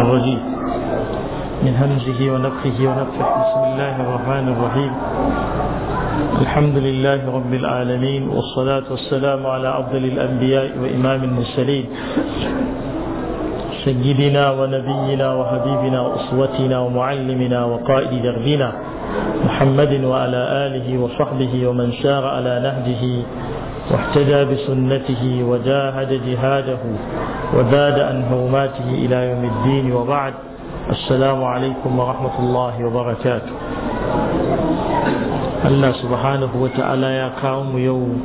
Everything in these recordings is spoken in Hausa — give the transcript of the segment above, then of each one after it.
الرجيم من همزه ونفخه ونفخه بسم الله الرحمن الرحيم الحمد لله رب العالمين والصلاة والسلام على أفضل الأنبياء وإمام المرسلين سيدنا ونبينا وحبيبنا وأسوتنا ومعلمنا وقائد دربنا محمد وعلى آله وصحبه ومن سار على نهجه واحتدى بسنته وجاهد جهاده وزاد عن هوماته الى يوم الدين وبعد السلام عليكم ورحمه الله وبركاته الله سبحانه وتعالى يا قوم يوم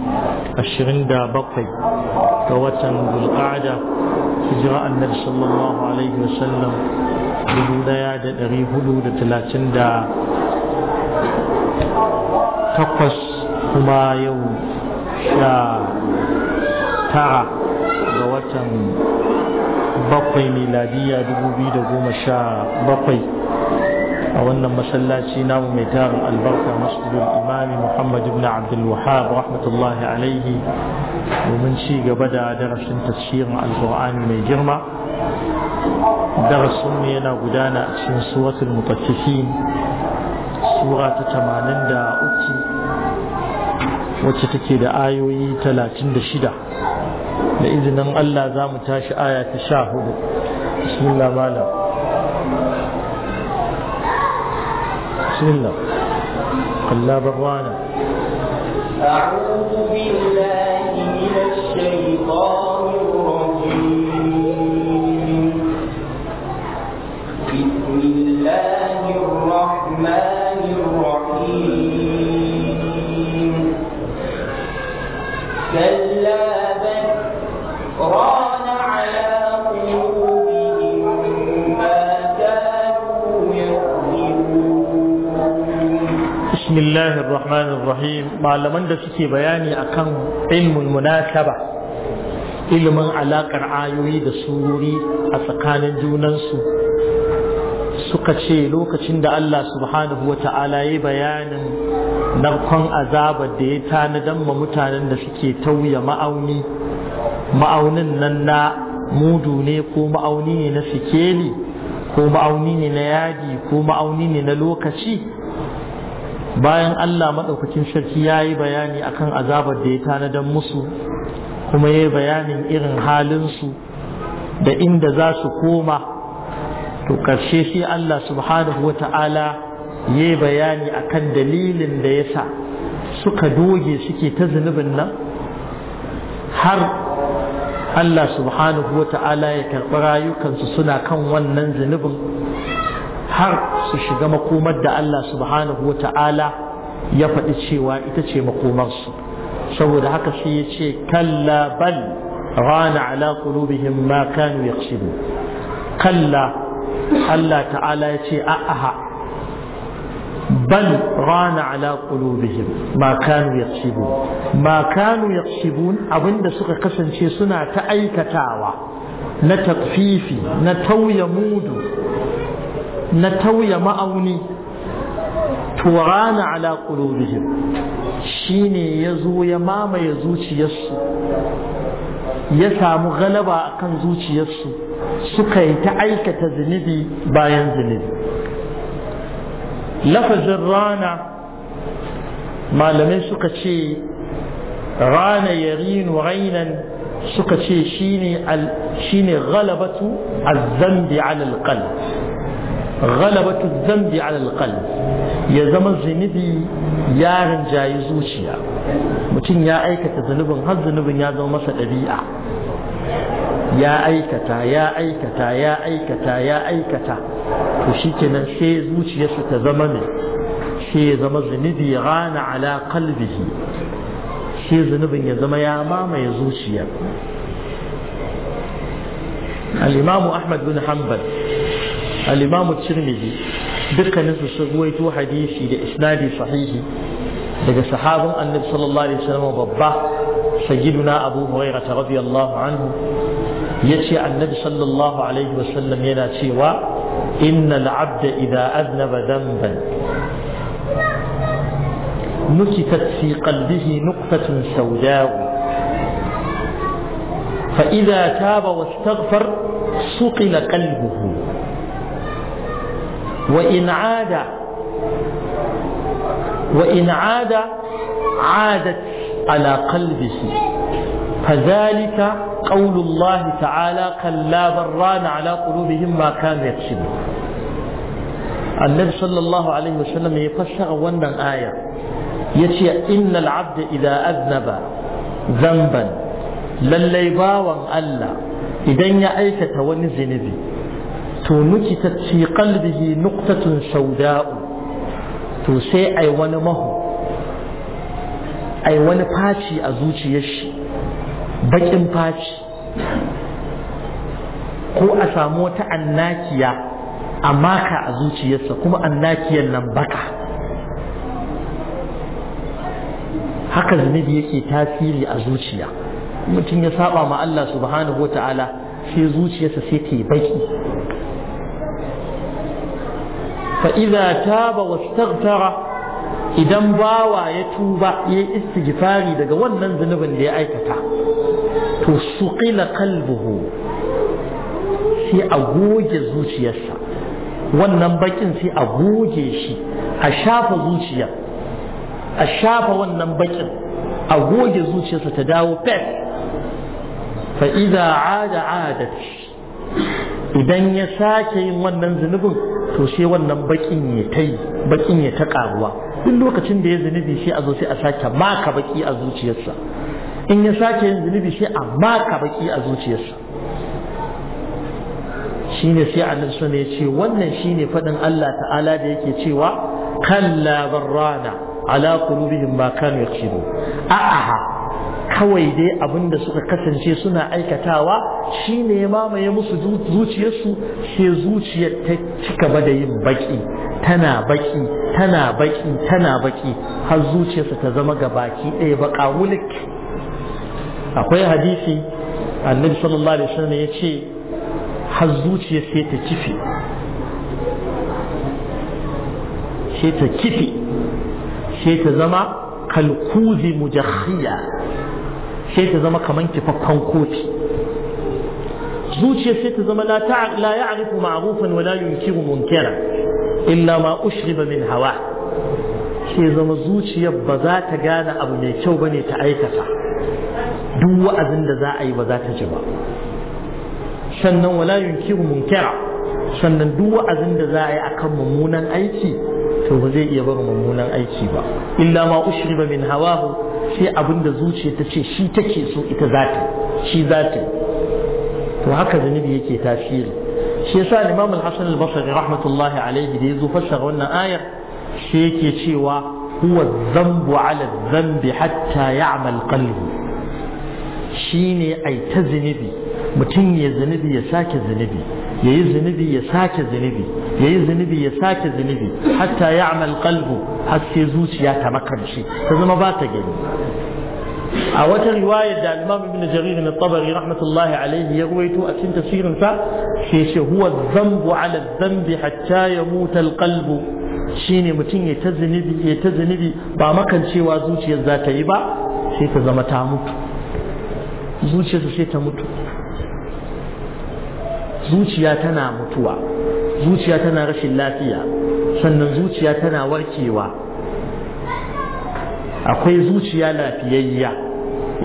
الشرين دا بقي كوتن بالقعدة هجراء النبي صلى الله عليه وسلم بدون يعد أغي هدود تلاتن دا تقص هما يوم sha tara ga watan bakwai miladiya bakwai a wannan masallaci namu mai tarin albarka masjidul imami muhammad ibn abdul wahab rahmatullahi alaihi domin ci gaba da darasin tafsirin alkur'ani mai girma darasin yana gudana a cikin suratul mutaffifin sura ta 83 wacce take da ayoyi talatin da shida da izinin Allah za mu tashi aya ta sha hudu bismillah malam bismillah Allah أعوذ بالله من الشيطان malaman da suke bayani akan ilmin munasaba ilimin alaƙar ayoyi da sururi a tsakanin junansu suka ce lokacin da Allah subhanahu wa ta'ala ya bayanin narkon azabar da ya tanadan ma mutanen da suke tauya ma'auni ma'aunin nan na mudu ne ko ma'auni ne na sikeli ko ma'auni ne na yadi ko ma'auni ne na lokaci bayan Allah maɗaukacin sarki ya yi bayani akan azabar da ya tanadan musu kuma ya yi bayanin irin halinsu da inda za su koma to ƙarshe sai Allah subhanahu wa ta'ala ya yi bayani akan dalilin da ya sa suka doge suke ta zunubin nan har Allah subhanahu wa ta'ala ya karɓi rayukansu suna kan wannan zunubin har su shiga makomar da Allah subhanahu wa ta'ala ya faɗi cewa ita ce makomarsu saboda haka sai ya ce kalla bal rana ala qulubihim ma kanu yaqsibu kalla Allah ta'ala ya ce a'aha. bal rana ala qulubihim ma kanu yaqsibu ma kanu yaqsibun abinda suka kasance suna ta aikatawa na takfifi na tauya mudu na tauya ma'auni turana ala qulubihim shi ne ya mamaye zuciyarsu ya samu galaba a kan zuciyarsu suka yi ta aikata zunubi bayan zunubi lafazin rana malamai suka ce rana yarinu rainan suka ce shine galabatu azzambi alalƙal غلبة الذنب على القلب يا زمن زنبي يا رنجا يزوشيا متين يا أيكة زنب هل زنب يا زمن مسا أبيعة يا أيكة يا أيكة يا أيكة يا أيكة تشيكنا شي زوشيا ستزمن شي زمن زنبي غان على قلبه شي زنب يا زمن يا ماما يا الإمام أحمد بن حنبل الإمام الترمذي دكا نفس الشغوية حديثي لإسنادي صحيح لدى صحابة النبي صلى الله عليه وسلم وبابا سيدنا أبو هريرة رضي الله عنه يشيع النبي صلى الله عليه وسلم ينا سوى إن العبد إذا أذنب ذنبا نكتت في قلبه نقطة سوداء فإذا تاب واستغفر سقل قلبه وإن عاد وإن عاد عادت على قلبه فذلك قول الله تعالى كلا بران على قلوبهم ما كانوا يكسبون النبي صلى الله عليه وسلم يفسر وانا آية يتي إن العبد إذا أذنب ذنبا للي باوان ألا إذا يأيكت نزي to nukitat fi qalbihi nuqtatun sauda'u to sai ai wani mahu ai wani faci a zuciyar shi bakin faci ko a samu wata annakiya a maka a zuciyarsa kuma annakiyar nan baka haka zunubi yake tasiri a zuciya mutum ya saba ma Allah subhanahu wa ta'ala sai zuciyarsa sai ta yi baki fa idza taba wastaghfara idan bawa ya tuba ya istighfari daga wannan zunubin da ya aikata to suqila kalbuhu sai a goge zuciyarsa wannan bakin sai a goge shi a shafa zuciya a shafa wannan bakin a goge zuciyarsa ta dawo fes Fa'iza idza ada adat idan ya sake yin wannan zunubin to wannan bakin ya ta bakin ya ta karuwa duk lokacin da ya zunubi sai a zo sai a sake maka baki a zuciyarsa in ya sake yin zunubi sai a maka baki a zuciyarsa shine sai annabi sun ya ce wannan shine fadin Allah ta'ala da yake cewa kalla barrana ala qulubihim ma kanu yakshibu a'a kawai dai abin da suka kasance suna aikatawa shi ne ya mamaye musu zuciyarsu sai zuciyar ta cika ba da yin baki tana baki tana baki tana baki har zuciyarsa ta zama ga baki ɗaya baƙa wulik akwai hadisi annabi sallallahu alaihi wasallam ya ce har zuciyar sai ta kife sai ta kife sai ta zama kalkuzi mujakhiya sai ta zama kaman kifaffen kofi zuciya sai ta zama la ya'rifu ma'rufan wa la yunkiru munkara illa ma ushriba min hawa sai zama zuciyar ba za ta gane abu mai kyau bane ta aikata duk wa'azin da za a yi ba za ta ji ba sannan wala yunkiru munkara sannan duk wa'azin da za a yi akan mummunan aiki to ba zai iya bar mummunan aiki ba illa ma ushriba min hawahu sai abin da zuciya ta ce shi take so ita za ta shi za ta to haka zunubi yake tasiri shi yasa Imam Al-Hasan Al-Basri rahmatullahi alaihi da yazo fassara wannan ayar shi yake cewa huwa dhanbu ala dhanbi hatta ya'mal qalbi shine ai ta mutum ya zunubi ya sake zunubi ya yi zunubi ya sake zunubi ya yi zunubi ya sake zunubi hatta ya amal kalbu har sai zuciya ta makarci ta zama ba ta gani a wata riwaya da imam ibn jarir na tabari rahmatullahi alaihi ya ruwaito a cikin tafsirin sa sai ce huwa dhanbu ala dhanbi hatta yamuta alqalbu shine mutum ya ta zunubi ya ta zunubi ba makancewa zuciyar za ta yi ba sai ta zama ta mutu zuciyarsa sai ta mutu zuciya tana mutuwa zuciya tana rashin lafiya sannan zuciya tana warkewa akwai zuciya lafiyayya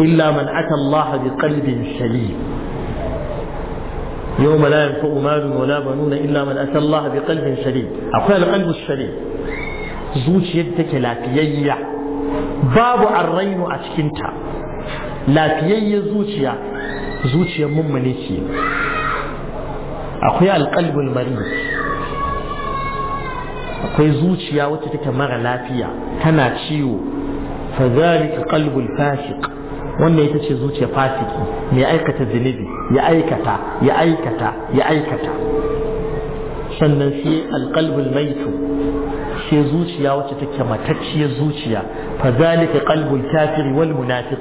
illa man ata Allah bi qalbin salim يوم لا ينفع مال ولا بنون إلا من أتى الله بقلب سليم أقول القلب السليم زوج يدك لا تيي باب الرين أسكنت لا تيي زوجيا زوجيا ممنيكي akwai alƙalbin mari akwai zuciya wacce take mara lafiya tana ciwo fa zalika qalbul fasiq wannan ita ce zuciya fasiki mai aikata zunubi ya aikata ya aikata ya aikata sannan sai alƙalbin maitu sai zuciya wacce take matacciyar zuciya fa zalika qalbul kafiri wal munafiq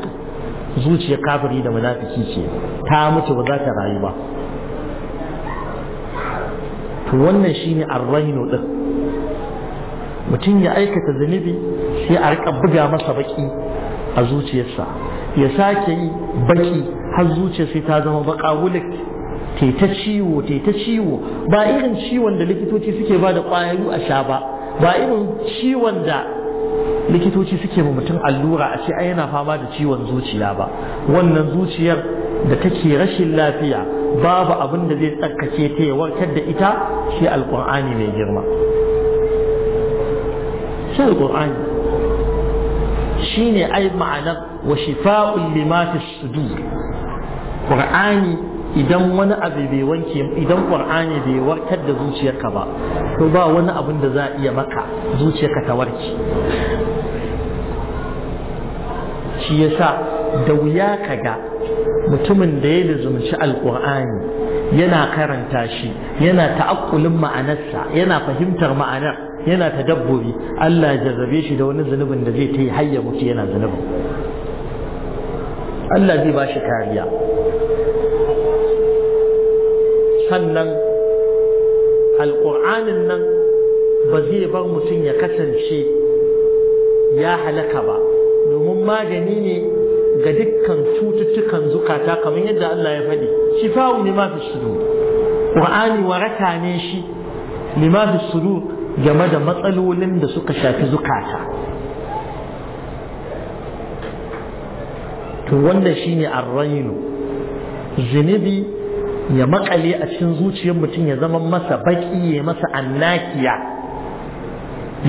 zuciya kafiri da munafiki ce ta mutu ba za ta rayu ba to wannan shine arraino din mutum ya aikata zunubi sai a rika buga masa baki a zuciyarsa ya sake yi baki har zuciya sai ta zama baka wulik te ta ciwo te ta ciwo ba irin ciwon da likitoci suke ba da ƙwayoyi a sha ba ba irin ciwon da likitoci suke ma mutum allura a ce ai yana fama da ciwon zuciya ba wannan zuciyar da take rashin lafiya babu abin da zai tsarkace ta ya warkar da ita shi alƙur'ani mai girma shi alƙur'ani shi ne ai ma'anar wa shifa'un limati sudur ƙur'ani idan wani abu bai wanke idan bai warkar da zuciyarka ba to ba wani abin da za a iya maka zuciyarka ta warke shi yasa da wuya ga mutumin da ya lizumci alkur'ani yana karanta shi yana ta'akkulin ma'anarsa yana fahimtar ma'anar yana tadabburi Allah ya jarrabe shi da wani zunubin da zai ta yi hayya mutu yana zunubin Allah zai ba shi kariya sannan alƙur'anin nan ba zai bar mutum ya kasance ya halaka ba domin magani ne ga dukkan cututtukan zukata kamar yadda Allah ya faɗi ne ma fi sudur qur'ani waraka ne shi ma fi game da matsalolin da suka shafi zukata to wanda shine arrainu zunubi ya makale a cikin zuciyar mutum ya zama masa baki ya masa annakiya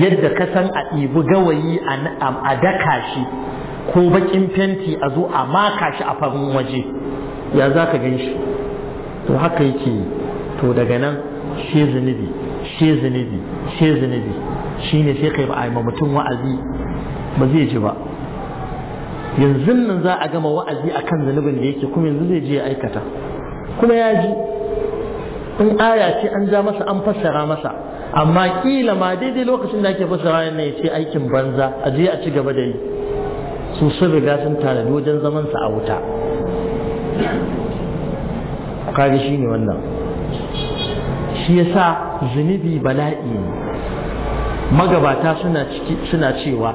yadda ka san a ɗibi gawayi a daka shi ko bakin fenti a zo a maka shi a farin waje ya za ka gan shi to haka yake to daga nan she zunubi she zunubi she zunubi shi ne sai kai ba a yi mutum wa'azi ba zai ji ba yanzu nan za a gama wa'azi a kan zunubin da yake kuma yanzu zai je ya aikata kuma ya ji in aya ce an ja masa an fassara masa amma kila ma daidai lokacin da ake fassara ne ya ce aikin banza a je a ci gaba da yi su sun riga sun tanadi wajen zaman sa a wuta kaga ne wannan shi yasa zunubi bala'i ne magabata suna ciki suna cewa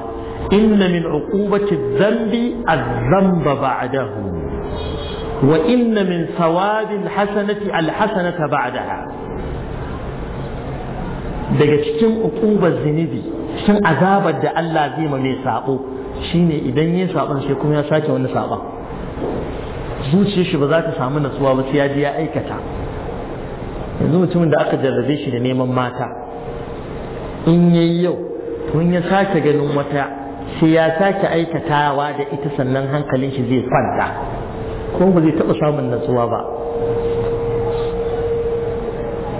inna min uqubati dhanbi adh-dhanba ba'dahu wa inna min thawabi al-hasanati al-hasanata ba'daha daga cikin uqubar zunubi cikin azabar da Allah zai ma mai sabo shine idan yin saɓon sai kuma ya sake wani saɓa zuciyar shi ba za ta samu natsuwa ba sai ya je ya aikata yanzu mutumin da aka jarrabe shi da neman mata in yayi yau tun ya sake ganin wata sai ya sake aikatawa da ita sannan hankalin shi zai kwanta ko ba zai taɓa samun natsuwa ba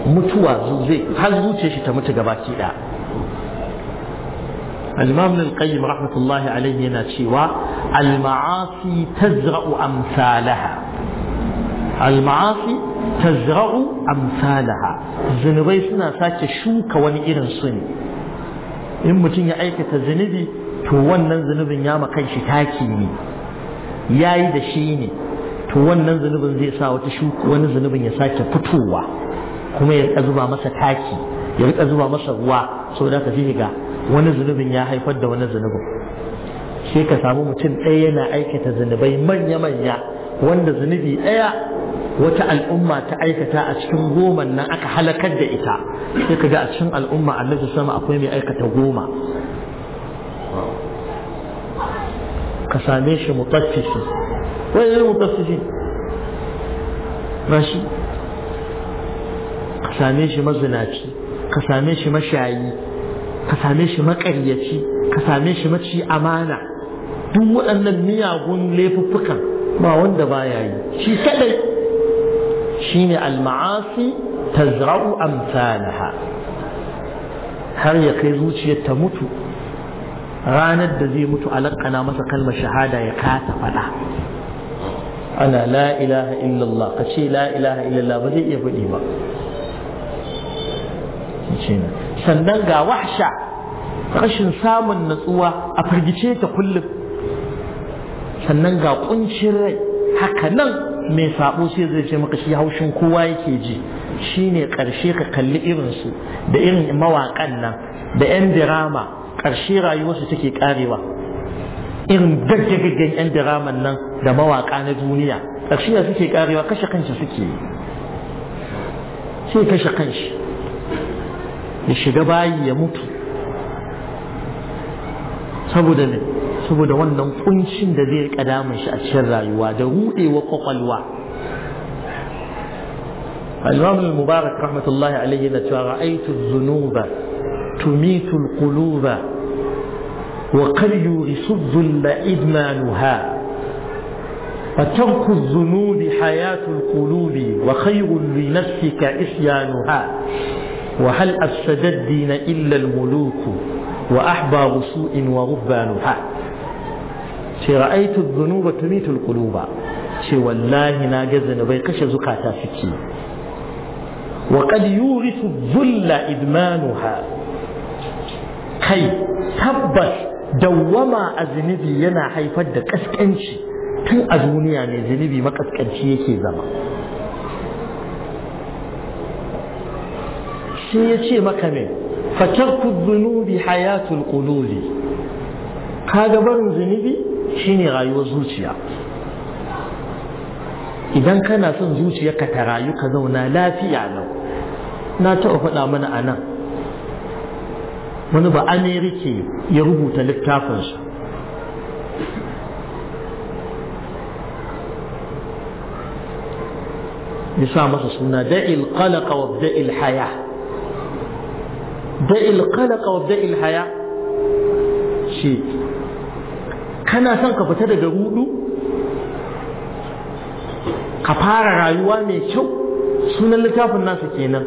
mutuwa zai har zuciyar shi ta mutu gaba ɗaya al-imam al-qayyim rahmatullahi alayhi yana cewa al-ma'asi tazra'u amsalaha al-ma'asi tazra'u amsalaha zunubai suna sake shuka wani irin su ne in mutum ya aikata zunubi to wannan zunubin ya makan shi taki ne yayi da shi ne to wannan zunubin zai sa wata shuka wani zunubin ya sake fitowa kuma ya zuba masa taki ya rika zuba masa ruwa saboda ka shi ga wani zunubin ya haifar da wani zunubin sai ka samu mutum ɗaya yana aikata zunubai manya-manya wanda zunubi ɗaya wata al'umma ta aikata a cikin goma nan aka halakar da ita sai ka ga a cikin al'umma annabi sama akwai mai aikata goma ka same shi mutaffisi wani ne mutaffisi rashi ka same shi mazinaci ka same shi mashayi ka same shi maƙaryaci ka same shi maci amana duk waɗannan miyagun laifuffukan ba wanda ba ya yi shi kadai shi ne alma'asi ta zra'u amsalaha har ya kai zuciyar ta mutu ranar da zai mutu alakana masa kalmar shahada ya kasa faɗa ana la ilaha illallah ka ce la ilaha illallah ba zai iya faɗi ba sannan ga wahsha rashin samun natsuwa a firgice ta kullum sannan ga kuncin rai haka nan mai sabo sai zai ce maka shi haushin kowa yake ji shine karshe ka kalli irinsu da irin mawaƙan nan da 'yan dirama karshe rayuwarsu take karewa irin gaggagaggen 'yan diraman nan da mawaƙa na duniya karshe suke karewa kashe kanshi suke yi sai kashe kanshi ya shiga bayi ya mutu saboda ne saboda wannan kuncin da zai kadamun shi a cikin rayuwa da rudewa kwakwalwa الإمام المبارك رحمة الله عليه نتوى رأيت الذنوب تميت القلوب وقد يورث إدمانها فترك الذنوب حياة القلوب وخير لنفسك إسيانها وهل أفسد الدين إلا الملوك وأحبى بسوء وغبى نحا رأيت الذنوب تميت القلوب شي والله ناجز نبيكش زكاة فكي وقد يورث الذل إدمانها كي تبس دوما أذنبي ينا حيفد كسكنشي كن أذنبي يعني أذنبي ما كسكنشي يكي زمان sai ya ce maka ne fatarku zunubi hayatul qulubi kaga barin zunubi shine rayuwar zuciya idan kana son zuciyarka ta rayu ka zauna lafiya lau na taɓa faɗa mana a nan wani ba amerike ya rubuta littafinsa ya sa masa suna da'il qalaka wa da'il haya da'il qalaq wa da'il haya shi kana son ka fita daga rudu ka fara rayuwa mai kyau sunan littafin nasa kenan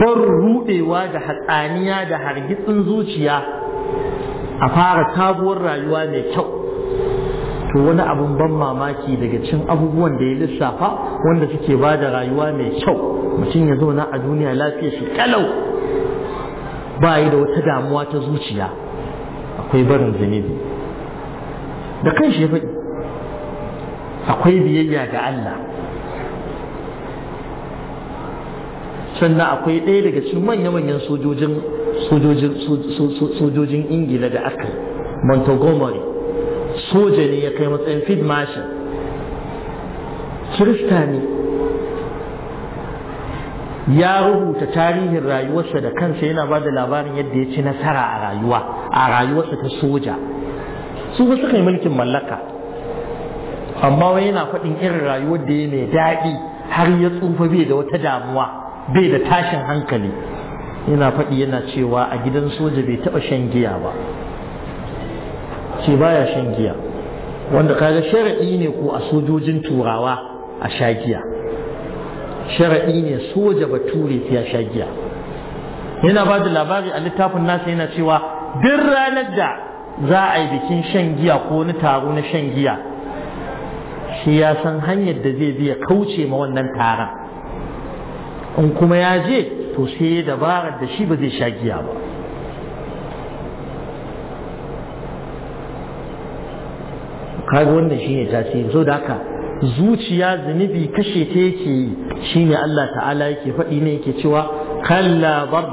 bar rudewa da hatsaniya da hargitsin zuciya a fara sabuwar rayuwa mai kyau to wani abun ban mamaki daga cin abubuwan da ya lissafa wanda suke ba da rayuwa mai kyau mutum ya zauna a duniya lafiya shi kalau ba yi da wata damuwa ta zuciya akwai barin zunubi da kan shi faɗi akwai biyayya ga Allah sannan akwai ɗaya daga cikin manya-manyan sojojin sojojin ingila da aka montgomery soja ne ya kai matsayin field marshal kirista ne ya rubuta tarihin rayuwarsa da kansa yana ba da labarin yadda ya ci nasara a rayuwa a rayuwarsa ta soja su ba suka yi mulkin mallaka amma wani yana faɗin irin rayuwar da ya mai daɗi har ya tsufa bai da wata damuwa bai da tashin hankali yana faɗi yana cewa a gidan soja bai taɓa shan giya ba ce baya shan giya wanda kaga shari'i ne ko a sojojin turawa a sha giya sharaɗi ne soja bature ya sha giya yana ba da labari a littafin nasa yana cewa duk ranar da za a yi bikin shan giya ko wani taro na shan giya shi ya san hanyar da zai biya kauce ma wannan taron in kuma ya je to sai ya dabarar da shi ba zai sha giya ba kaga wannan shi ne tasiri so da haka zuciya zunubi kashe ta yake yi shine Allah ta'ala yake faɗi ne yake cewa kalla bar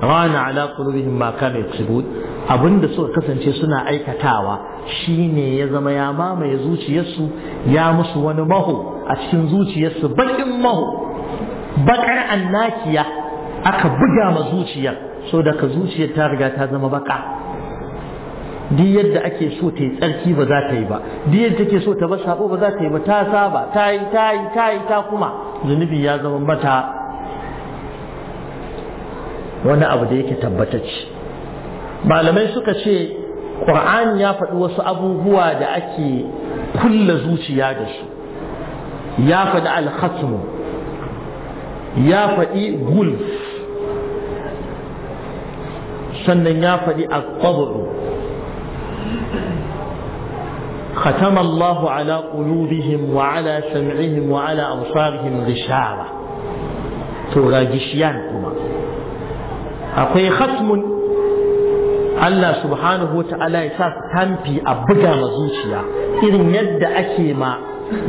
rana ala qulubihim ma kanu yaksubun abinda suka kasance suna aikatawa shine ya zama ya mamaye zuciyarsu ya musu wani maho a cikin zuciyarsu bakin maho bakar annakiya aka buga ma zuciyar so daga zuciyar ta riga ta zama baka duk yadda ake so ta yi tsarki ba za ta yi ba duk yadda take so ta ba sabo ba za ta yi ba ta saba ta yi ta yi ta yi ta kuma zunubi ya zama mata wani abu da yake tabbatacce malamai suka ce ƙur'ani ya faɗi wasu abubuwa da ake kulla zuciya da su ya faɗi alhatmu ya faɗi gulf sannan ya faɗi a ختم الله على قلوبهم وعلى سمعهم وعلى أبصارهم غشاوة تغاجشيان كما أقوي ختم Allah subhanahu wa ta'ala ya sa tamfi a buga ma zuciya irin yadda ake ma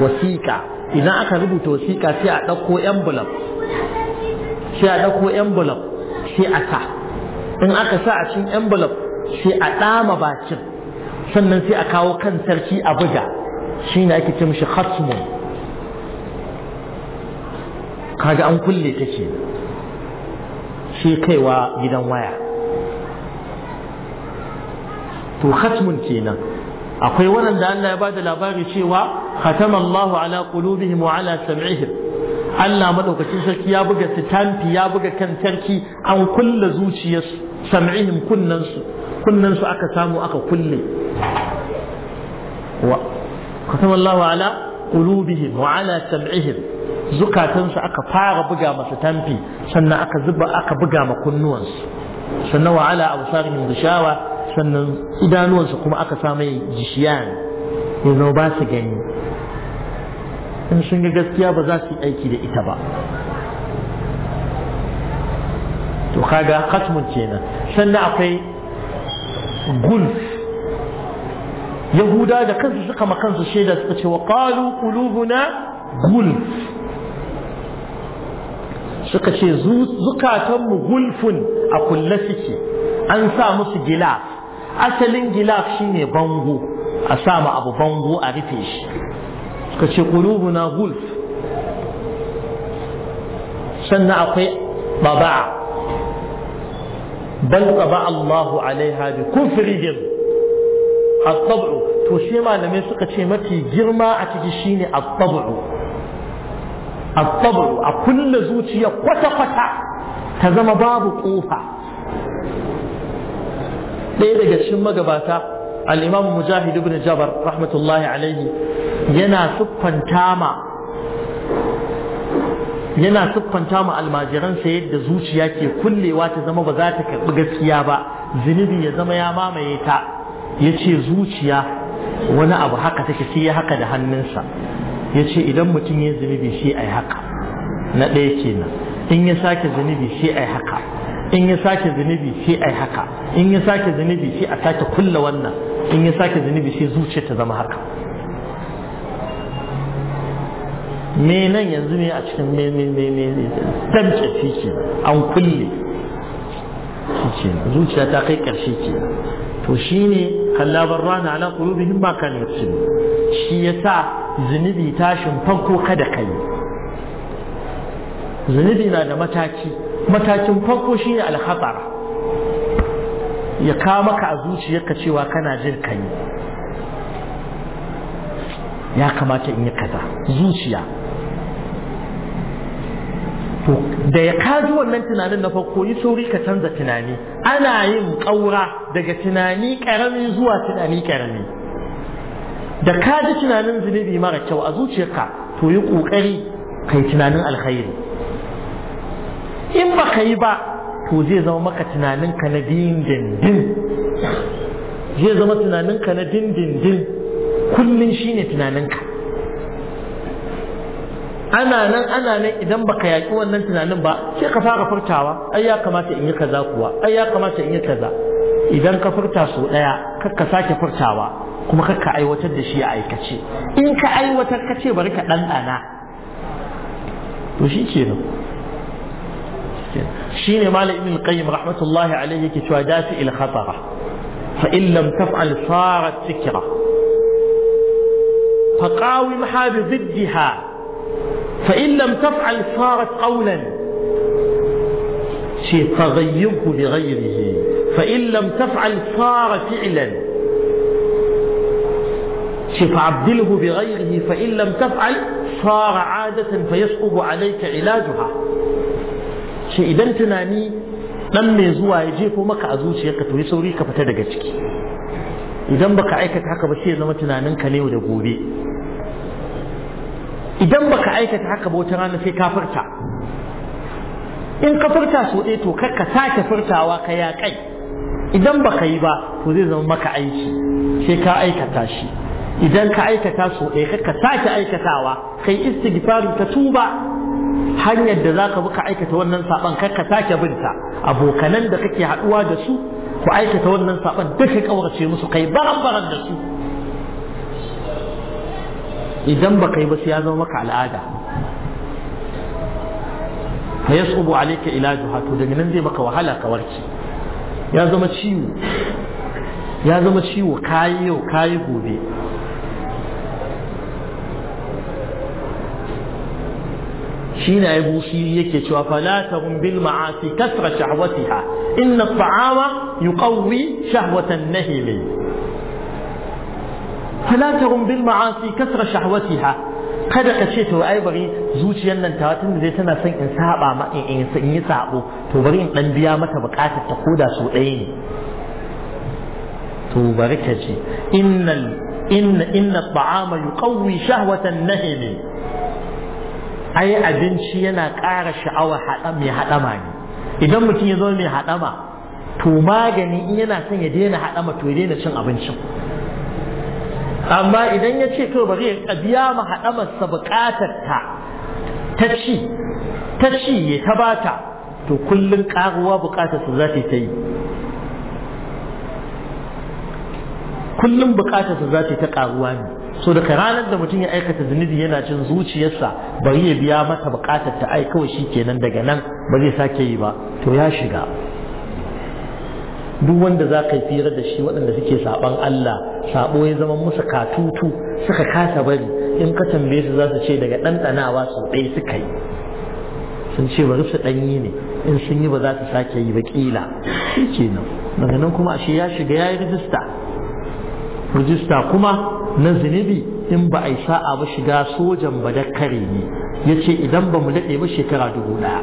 wasiƙa idan aka rubuta wasiƙa sai a ɗauko envelope sai a ɗauko envelope sai a sa in aka sa a cikin envelope sai a ɗama bakin sannan sai a kawo kan sarki a buga shi ne ake ce mishi khatmun kaga an kulle ta ce shi kaiwa gidan waya to khatmun kenan akwai waɗanda Allah ya ba da labari cewa khatama Allahu ala qulubihim wa ala sam'ihim Allah madaukakin sarki ya buga sitamfi ya buga kan sarki an kulle zuciyarsu sam'ihim kunnansu kunnen su aka samu aka kulle wa kasama Allah ala qulubihim wa ala sam'ihim zukatansu aka fara buga masa tamfi sannan aka zuba aka buga ma kunnuwansu sannan wa ala absarihim gishawa sannan idanuwansu kuma aka samu gishiyan ya ba su gani in sun ga gaskiya ba za su yi aiki da ita ba to kaga khatmun kenan sannan akwai gulf yahuda da kansu suka ma kansu shaida suka ce wa qalu qulubuna gulf suka ce zukatanmu gulfun a kulle suke an sa musu gilaf asalin gilaf shine bango a sa ma abu bango a rufe shi suka ce qulubuna gulf sannan akwai baba'a bal qaba Allahu alaiha bi kufrihim at-tab'u to shi malamai suka ce mafi girma a ciki shine at-tab'u at a kulle zuciya kwata kwata ta zama babu kofa ɗaya daga cikin magabata al-imam mujahid ibn jabar rahmatullahi alaihi yana siffanta yana siffanta mu almajiransa yadda zuciya ke kullewa ta zama ba za ta karɓi gaskiya ba zinubi ya zama ya mamaye ta yace zuciya wani abu haka take sai ya haka da hannunsa yace idan mutum ya zinubi sai ai haka na ɗaya kenan in ya sake zinubi sai ai haka in ya sake zinubi sai ai haka in ya sake zinubi sai a sake kulla wannan in ya sake zinubi sai zuciya ta zama haka me nan yanzu me a cikin me me me me shi ke an kulle shi ke zuciya ta kai karshe ke to shine kallabar rana ala qulubihim ma kan yasbu shi sa zunubi tashin farko kada kai zunubi na da mataki matakin farko shine ne khatar ya kama ka a zuciyarka cewa kana jin kai ya kamata in yi kaza zuciya to da ya kaji wannan tunanin na farko yi sauri ka canza tunani ana yin ƙaura daga tunani ƙarami zuwa tunani ƙarami da kaji tunanin zunubi mara kyau a zuciyarka to yi ƙoƙari ka yi tunanin alkhairi in ba ka yi ba to zai zama maka tunanin ka na dindindin zai zama tunanin ka na dindindin kullum shine tunaninka ana nan ana nan idan baka yaƙi wannan tunanin ba sai ka fara furtawa ai ya kamata in yi kaza kuwa ai ya kamata in yi kaza idan ka furta sau ɗaya kar ka sake furtawa kuma kar ka aiwatar da shi a aikace in ka aiwatar ka ce bari ka ɗanɗana to shi ke nan shi ne malam ibn qayyim rahmatullahi alaihi yake cewa dafi il khatara fa in lam taf'al sarat sikra fa qawim ha bi ziddiha فإن لم تفعل صارت قولا شيء تغيره لغيره فإن لم تفعل صار فعلا شيء فعبدله بغيره فإن لم تفعل صار عادة فيصعب عليك علاجها شيء إذا تناني لم يزوى zuwa ya jefo maka a zuciyarka to yi sauri ka fita daga ciki idan baka aikata idan baka aikata haka ba wata rana sai ka furta in ka furta so ɗaya to kar ka sake furtawa ka ya kai idan baka yi ba to zai zama maka aiki sai ka aikata shi idan ka aikata so ɗaya kar ka sake aikatawa kai istighfar ka tuba hanyar da zaka bi ka aikata wannan saban kar ka sake binta abokanan da kake haɗuwa da su ku aikata wannan saban duka kaurace musu kai baran baran da su idan ba kai ba sai ya zama maka al'ada fa yasubu alayka ilaju hatu daga nan zai maka wahala ka warke ya zama ciwo ya zama ciwo kayi yau kayi gobe shi na ya bushi yake cewa fala ta bil ma'asi kasra shahwatiha inna ta'ama yuqawwi shahwatan nahimi Talatarun bil ma'asi kasra shahwatiha kada ka ce to ai bari zuciyar nan ta tun dai tana son in saba ma in yi sabo to bari in dan biya mata bukatar ta koda su ɗaya ne to bari ka ce innal inna inna ta'ama yuqawwi shahwatan nahimi ai abinci yana ƙara sha'awa haɗa mai haɗama ne idan mutum ya zo mai haɗama to magani in yana son ya daina haɗama to ya daina cin abincin amma idan ya ce to bari ya biya ma haɗamarsa buƙatar ta ta ci ta ci ya ta bata to kullun ƙaruwa buƙatar su za ta yi kullun buƙatar su za ta ƙaruwa ne so daga ranar da mutum ya aikata zunubi yana cin zuciyarsa bari ya biya mata buƙatar ta ai kawai shi kenan daga nan ba zai sake yi ba to ya shiga duk wanda za ka yi fira da shi waɗanda suke saɓan Allah saɓo ya zama musu katutu suka kasa bari in ka tambaye su za su ce daga ɗanɗanawa sau ɗaya suka yi sun ce bari su ɗanyi ne in sun yi ba za su sake yi ba ƙila shi ke nan daga nan kuma ashe ya shiga ya yi rijista rijista kuma na zunubi in ba a yi sa'a ba shiga sojan ba da badakkare ne ya ce idan ba mu daɗe ba shekara dubu ɗaya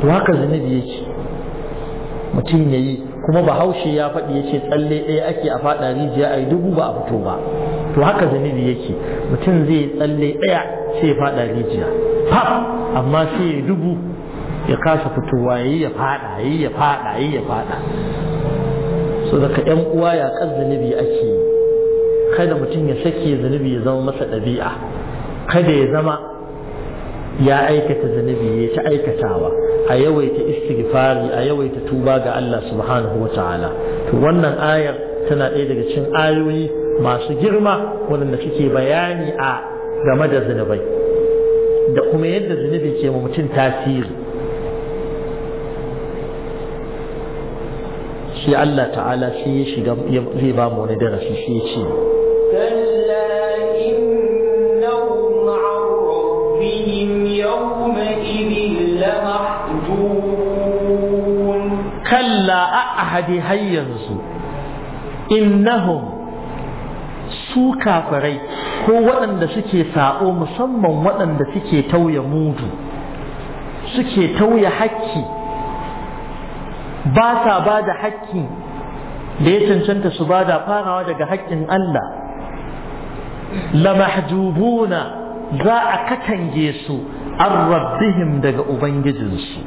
to haka zunubi yake mutum ya yi kuma bahaushe ya faɗi ya ce tsalle ɗaya ake a faɗa rijiya a yi dubu ba a fito ba to haka zanibi yake mutum zai yi tsalle ɗaya sai ya faɗa rijiya ha amma sai ya dubu ya kasa fitowa ya yi ya faɗa ya yi ya faɗa ya yi ya faɗa so daga ƴan uwa ya kan zanibi ake yi kada mutum ya sake zanibi ya zama masa ɗabi'a kada ya zama ya aikata zanubi ya ta aikatawa a yawaita istighfari a yawaita tuba ga Allah subhanahu wa ta'ala to wannan ayar tana ɗaya daga cikin ayoyi masu girma wadanda suke bayani a game da zanubai da kuma yadda zanubi ke ma mutum tasiri shi Allah ta'ala shi ya shiga zai ba mu wani darasi shi ya ce ahadi har yanzu innahum su kafirai ko waɗanda suke sa'o musamman waɗanda suke tauya mudu suke tauya hakki ba sa ba da hakki da ya cancanta su ba da farawa daga haƙƙin Allah la mahjubuna za a katange su an rabbihim daga ubangijinsu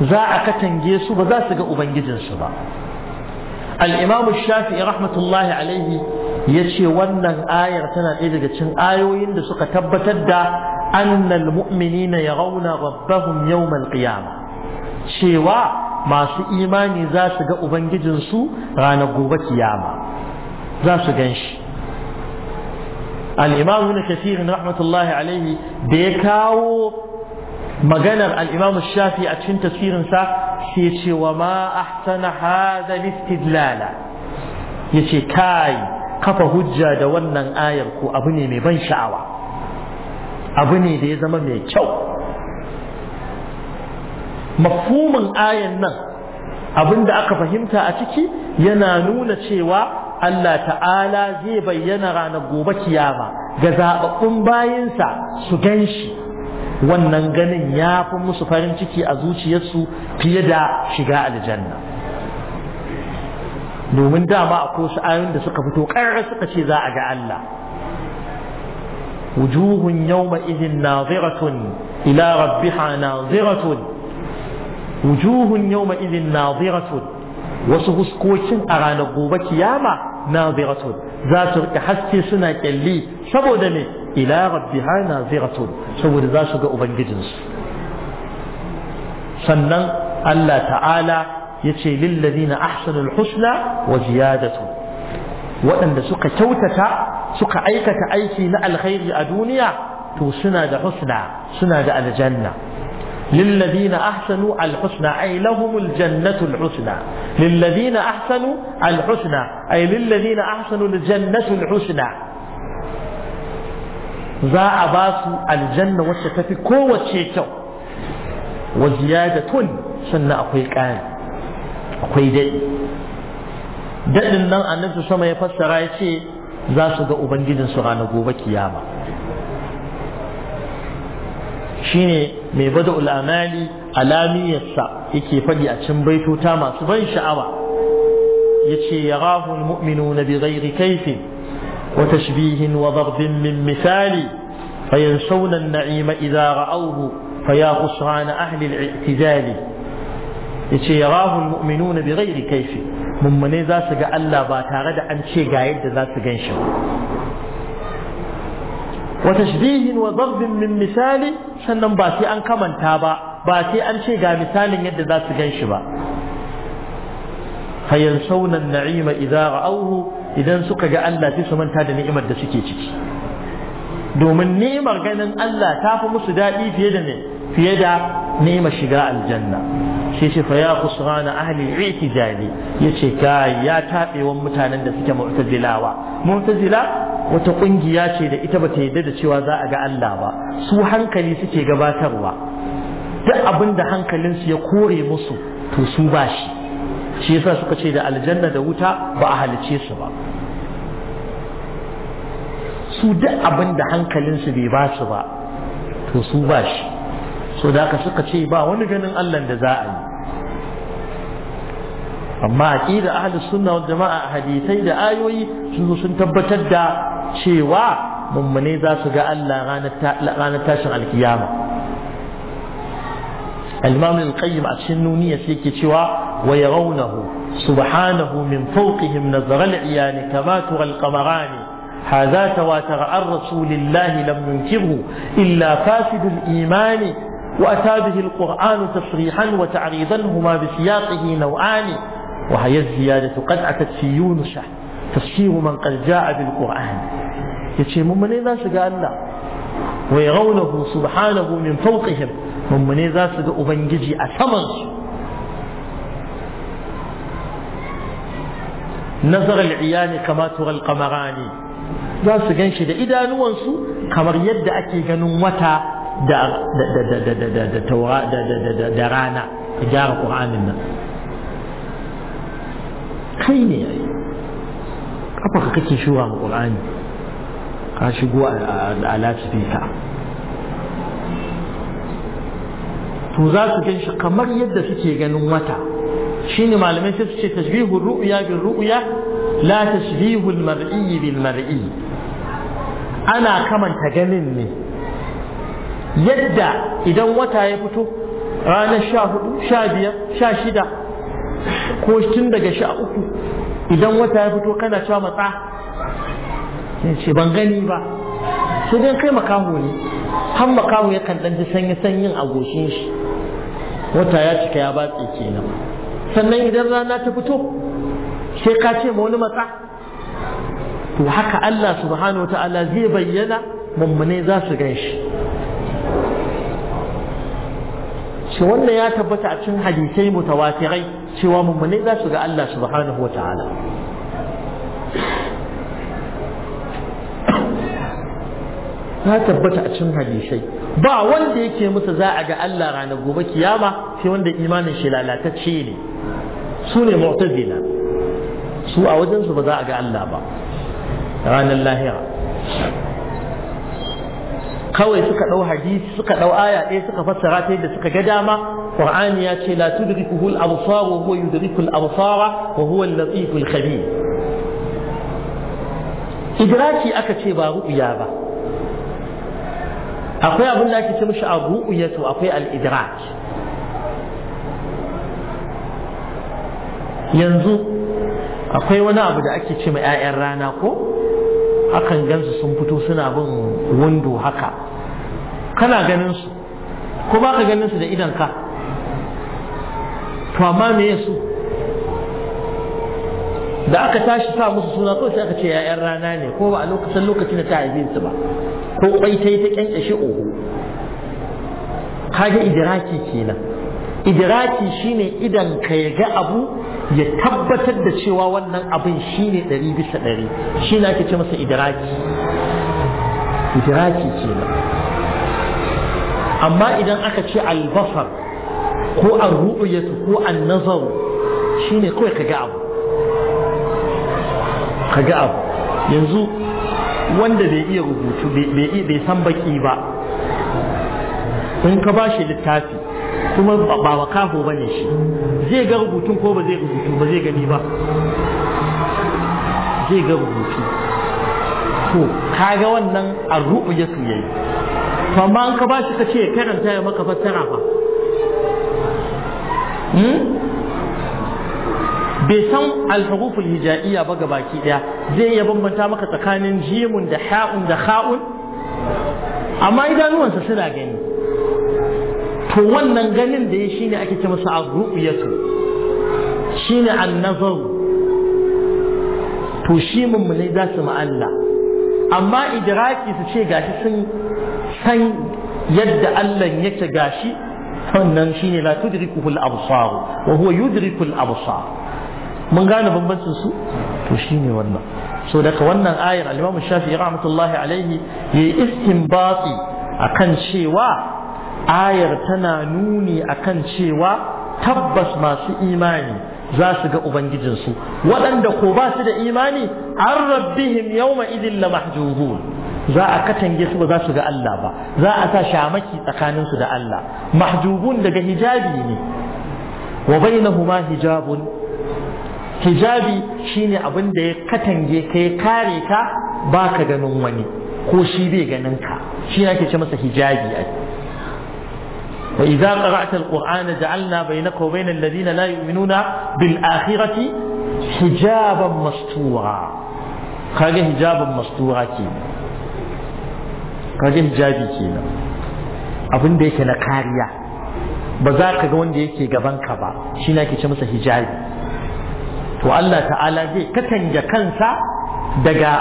za a katange su ba za su ga ubangijinsu ba al-imam shafi'i rahmatullahi alaihi ya ce wannan ayar tana ɗaya daga cin ayoyin da suka tabbatar da annal mu'minina ya rauna rabbahum yawmal qiyama cewa masu imani za su ga ubangijinsu ranar gobe kiyama za su gan shi al-imam kafirin rahmatullahi alaihi da ya kawo maganar al shafi a cikin tasirinsa sa sai ce wa ma ahsana hadha al-istidlala yace kai kafa hujja da wannan ayar ko abu ne mai ban sha'awa abu ne da ya zama mai kyau mafhumin ayan nan abin da aka fahimta a ciki yana nuna cewa Allah ta'ala zai bayyana ranar gobe kiyama ga zaɓaɓɓun bayinsa su gan shi wannan ganin ya fi musu farin ciki a zuciyarsu fiye da shiga aljanna domin dama akwai wasu ayoyin da suka fito ƙarar suka ce za a ga Allah wujuhun yawma idhin naziratun ila rabbiha naziratun wujuhun yawma idhin naziratun wasu huskokin a ranar gobe kiyama naziratun za su rika haske suna kyalli saboda me ila rabbiha naziratun saboda za su ga ubangijinsu sannan Allah ta'ala ya ce lillazina ahsanul husna wa ziyadatu waɗanda suka kyautata suka aikata aiki na alkhairi a duniya to suna da husna suna da aljanna للذين أحسنوا الحسنى أي لهم الجنة الحسنى للذين أحسنوا الحسنى أي للذين أحسنوا الجنة الحسنى za a ba su aljanna wacce ta fi kowace kyau wa tun sannan akwai ƙari akwai daɗi daɗin nan annabi sama ya fassara ya ce za su ga ubangijinsu ranar gobe kiyama shine mai bada ul'amali alamiyarsa yake faɗi a cin baitota masu ban sha'awa ya ce ya rahul mu'minu na bi kaifin وتشبيه وضرب من مثال فينسون النعيم إذا رأوه فيا خسران أهل الاعتزال يتشي يراه المؤمنون بغير كيف ممن إذا سجى ألا باتارد أن شيء قايد ذا سجنش وتشبيه وضرب من مثال سنن باتي أن كمن تابا باتي أن شيء قا مثال يد ذا سجنش با فينسون النعيم إذا رأوه idan suka ga Allah sai su manta da ni'imar da suke ciki domin ni'imar ganin Allah ta fi musu daɗi fiye da ne fiye da ni'imar shiga aljanna shi shi fa ya khusrana ahli al-i'tizali yace kai ya tabewan mutanen da suke mu'tazilawa mu'tazila wata kungiya ce da ita bata yarda da cewa za a ga Allah ba su hankali suke gabatarwa duk abin da hankalinsu ya kore musu to su ba shi shi yasa suka ce da aljanna da wuta ba a halice su ba su duk abin da hankalinsu bai ba su ba to su ba shi so da haka suka ce ba wani ganin Allah da za a yi amma aqida ahlus sunna wal jamaa hadisai da ayoyi sun zo sun tabbatar da cewa mummune za su ga Allah ranar tashin alkiyama الإمام القيم al-qayyim a cikin nuniya sai yake cewa wa yarawnahu subhanahu min fawqihim هذا تواتر عن رسول الله لم ينكره إلا فاسد الإيمان وأتى به القرآن تصريحا وتعريضا هما بسياقه نوعان وهي الزيادة قد أتت في يونس تفسير من قد جاء بالقرآن يتشي من إذا قال الله wa yarawnahu subhanahu min fawqihim mummune za su ga ubangiji a saman su nazar al-iyani kama tura al za su gan shi da idanuwansu kamar yadda ake ganin wata da rana ka gyara ƙur'anin nan kai ne yayi kafa ka kake shura ma ƙur'ani ka shigo a lasifika to za su gan shi kamar yadda suke ganin wata shine malamai sai su ce tashbihun ru'uya bin ru'uya la tashbihun mar'i bil mar'i ana kamanta ganin ne yadda idan wata ya fito ranar sha hudu sha biyar sha shida ko tun daga sha uku idan wata ya fito kana cewa matsa ce ban gani ba sai dai kai makaho ne har makaho yakan ɗan ji sanyi sanyin goshin shi wata ya cika ya batse kenan sannan idan rana ta fito sai ka ce ma wani matsa to haka Allah subhanahu ta'ala zai bayyana mummune za su gan shi shi wannan ya tabbata a cikin hadisai mutawatirai cewa mummune za su ga Allah subhanahu ta'ala ya tabbata a cikin hadisai ba wanda yake musu za a ga Allah ranar gobe kiyama sai wanda imanin shi lalatacce ne su ne mu'tazila su a wajen su ba za a ga Allah ba ranar lahira kawai suka ɗau hadisi suka ɗau aya ɗaya suka fassara ta yadda suka ga dama qur'ani ya ce la tudrikuhu al-absar wa huwa yudriku absara wa huwa al-latif al-khabir idraki aka ce ba ru'ya ba akwai abin da ake ce mishi a ruyatu akwai al yanzu akwai wani abu da ake ce ma 'ya'yan rana ko hakan gansu sun fito suna bin wando haka kana ganin su ko ba ka ganin su da idan ka to amma me su da aka tashi sa musu suna kawai sai aka ce 'ya'yan rana ne ko ba a lokacin lokacin da ta haife su ba ko kwai ta yi ta kyankyashe oho kaga idiraki kenan idiraki shine idan ka ga abu ya tabbatar da cewa wannan abin shine ɗari bisa ɗari shi na ake ce masa idiraki idiraki kenan amma idan aka ce albasar ko an ru'uyatu ko an nazaru shine kawai ka ga abu ka ga abu yanzu wanda bai iya rubutu bai san baki ba in ka ba shi littafi kuma ba kafo ba ne shi zai ga rubutun ko ba zai rubutu ba zai gani ba zai ga rubutu to kaga wannan arru'u ya su yayi to amma an ka ba shi ka ce karanta ya maka fassara ba hmm? bai san alhuruful hijaiya ba gabaki daya zai iya bambanta maka tsakanin jimun da ha'un da ha'un amma idanuwansa suna gani to wannan ganin da ya shine ake ce masa agru'iyatu shine annazar to shi mummune za su ma'alla amma idraki su ce gashi sun san yadda Allah yake gashi wannan shine la tudrikuhu al-absar wa huwa yudriku al-absar mun gane bambancin su to shine wannan so daga wannan ayar al-Imam Shafi'i rahmatullahi alaihi yayi istinbati akan cewa ayar tana nuni akan cewa tabbas masu imani za su ga su waɗanda ko ba su da imani an rabbihim yawma idin la mahjubun za a katange su ba za su ga Allah ba za a sa shamaki tsakaninsu da Allah mahjubun daga hijabi ne wa bainahuma hijabun hijabi shine abin da ya katange ka ya kare ka baka ganin wani ko shi bai ganin ka shi ake ce masa hijabi wa idza qara'ta alqur'ana ja'alna bainaka wa bainal ladina la yu'minuna bil akhirati hijaban mastura kage hijaban mastura ke kage hijabi kenan abin da yake na kariya ba za ka ga wanda yake gaban ka ba shi masa hijabi to Allah ta'ala zai katanja kansa daga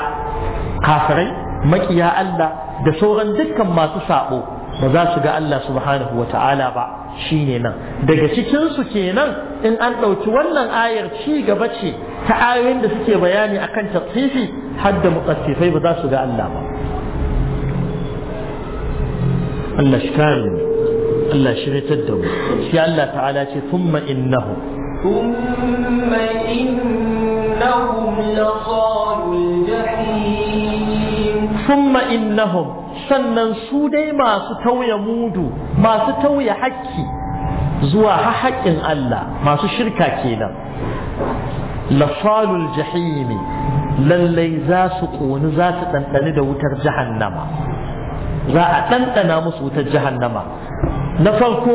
kafirai makiya Allah da sauran dukkan masu sabo ba za su ga Allah subhanahu wa ta'ala ba shine nan daga cikin su kenan in an ɗauki wannan ayar ci gaba ce ta ayoyin da suke bayani akan tafsifi har da muqassifai ba za su ga Allah ba Allah shi Allah shi da mu shi Allah ta'ala ce thumma innahu ثم إنهم الجحيم ثم إنهم sannan su dai masu tauya mudu masu tauya hakki zuwa haƙƙin Allah masu shirka kenan lasalul jahimi lallai za su ƙoni za su ɗanɗani da wutar jahannama za a ɗanɗana musu wutar jahannama na farko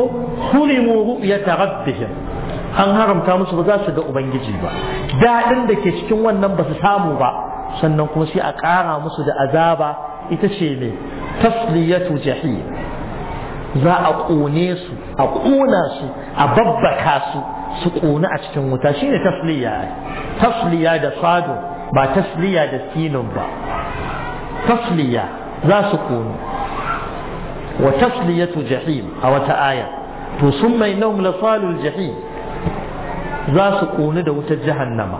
ya ru'yata rabbihim an haramta musu ba za su ga ubangiji ba daɗin da ke cikin wannan ba su samu ba sannan kuma sai a ƙara musu da azaba ita ce ne tasliyatu jahim za a ƙone su a ƙona su a babbaka su su ƙone a cikin wuta shine tasliya tasliya da sado ba tasliya da sinin ba tasliya za su ƙone wa tasliyatu jahim a wata aya to sun mai naum lasalul jahim za su ƙoni da wutar jahannama